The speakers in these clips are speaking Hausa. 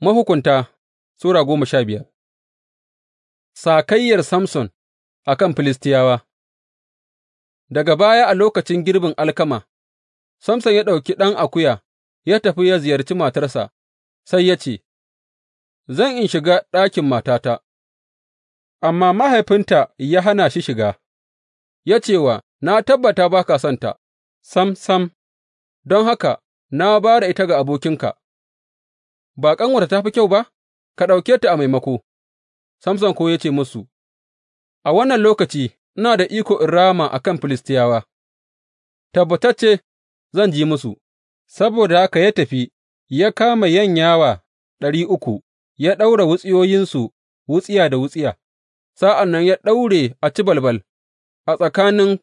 Mahukunta Sura goma sha biyar Sakayyar Samson a kan Filistiyawa Daga baya a lokacin girbin alkama, Samson ya ɗauki ɗan akuya ya tafi ya ziyarci matarsa, sai ya ce, Zan in shiga ɗakin matata, amma mahaifinta ya hana shi shiga, ya ce wa, Na tabbata ba ka ta. sam sam, don haka na ba da ita ga abokinka. ba ƙanwata ta fi kyau ba, ka ɗauke ta a maimako, Samson ko ya ce musu, A wannan lokaci ina da iko in rama a kan Filistiyawa, tabbatacce zan ji musu, saboda haka ya tafi, ya kama yanyawa ɗari uku, ya ɗaura wutsiyoyinsu wutsiya da wutsiya, sa'an nan ya ɗaure a ci balbal a tsakanin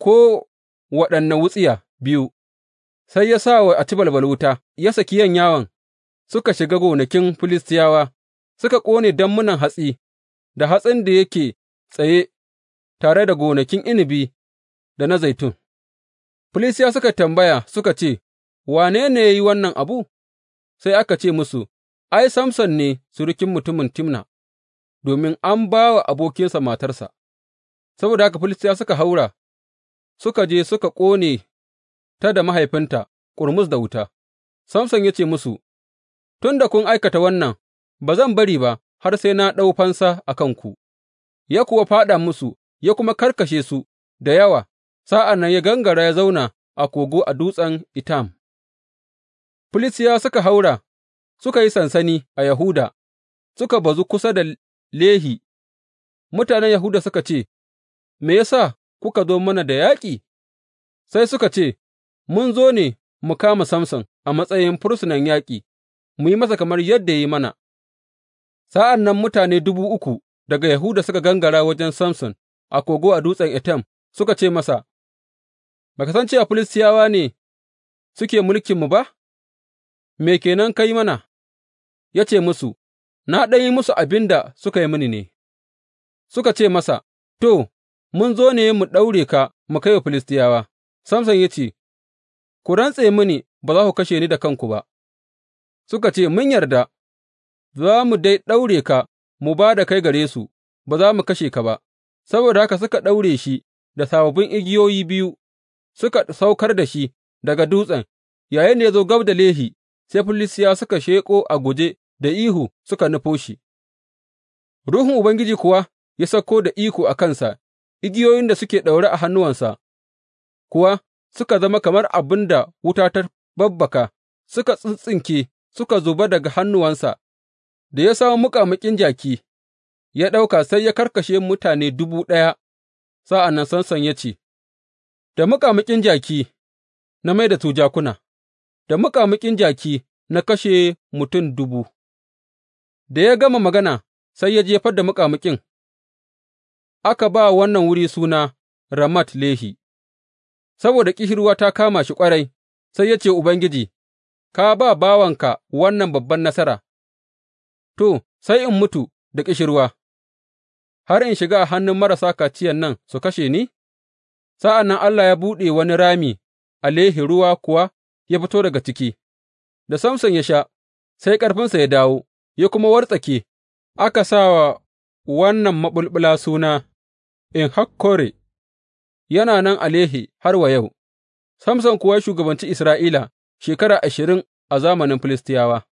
ko waɗanne wutsiya biyu, sai ya sa wa balbal wuta, ya saki yanyawan suka shiga gonakin Filistiyawa, suka ƙone dammunan hatsi, da hatsin da yake tsaye tare da gonakin inabi da na zaitun. Filistiyawa suka tambaya suka ce, Wane ne ya yi wannan abu? Sai aka ce musu, Ai, Samson ne surukin mutumin Timna, domin an ba wa abokinsa matarsa. Saboda haka Filistiyawa suka haura, suka je suka ƙone ta da mahaifinta ƙurmus da wuta. Samson ya ce musu, Tun da kun aikata wannan, ba zan bari ba har sai na ɗau fansa a kanku, ya kuwa fāɗa musu ya kuma karkashe su da yawa, sa'an nan ya gangara ya zauna a kogo a dutsen Etam. Filistiyawa suka haura, suka yi sansani a Yahuda, suka bazu kusa da Lehi, mutanen Yahuda suka ce, Me ya sa kuka zo mana da yaƙi? Sai suka ce, Mun zo ne mu kama Samson a matsayin fursunan yaƙi. mu yi masa kamar yadda ya yi mana. Sa'an nan mutane dubu uku daga Yahuda suka gangara wajen Samson a kogo a dutsen Etam suka ce masa, Ba ka san cewa Filistiyawa ne suke mulkinmu ba? Me kenan ka yi mana? Ya ce musu, Na ɗan yi musu abin da suka yi mini ne. Suka ce masa, To, mun zo ne mu ɗaure ka mu kai wa Filistiyawa. Samson ya ce, Ku rantse mini ba za ku kashe ni da kanku ba. suka ce, Mun yarda, za mu dai ɗaure ka mu ba da kai gare su, ba za mu kashe ka ba, saboda haka suka ɗaure shi da sababbin igiyoyi biyu, suka saukar da shi daga dutsen, yayin da ya zo gab da Lehi, sai Filistiyawa suka sheƙo a guje da ihu suka nufo shi. Ruhun Ubangiji kuwa ya sauko da iko a kansa, igiyoyin da suke ɗaure a hannuwansa kuwa suka zama kamar abin da wuta ta babbaka, suka tsintsinke suka zuba daga hannuwansa, da ya samo muƙamuƙin jaki, ya ɗauka sai ya karkashe mutane dubu ɗaya, sa'an nan sansan ya ce, Da muƙamuƙin jaki na mai da su jakuna, da muƙamuƙin jaki na kashe mutum dubu. Da ya gama magana, sai ya jefar da muƙamuƙin, aka ba wannan wuri suna Ramat Lehi, saboda ƙishirwa ta kama shi ƙwarai, sai ya ce Ubangiji, Ka ba bawanka wannan babban nasara, to, sai in mutu da ƙishirwa, har in shiga a hannun marasa kaciyan nan su kashe ni? Sa'an nan Allah ya buɗe wani rami a ruwa kuwa ya fito daga ciki, da Samson ya sha, sai ƙarfinsa ya dawo, ya kuma wartsake, aka sa wa wannan maɓulɓula suna In Hakkore, yana nan a Lehi har wa yau, Samson kuwa ya shugabanci Isra'ila. shekara ashirin a zamanin Filistiyawa.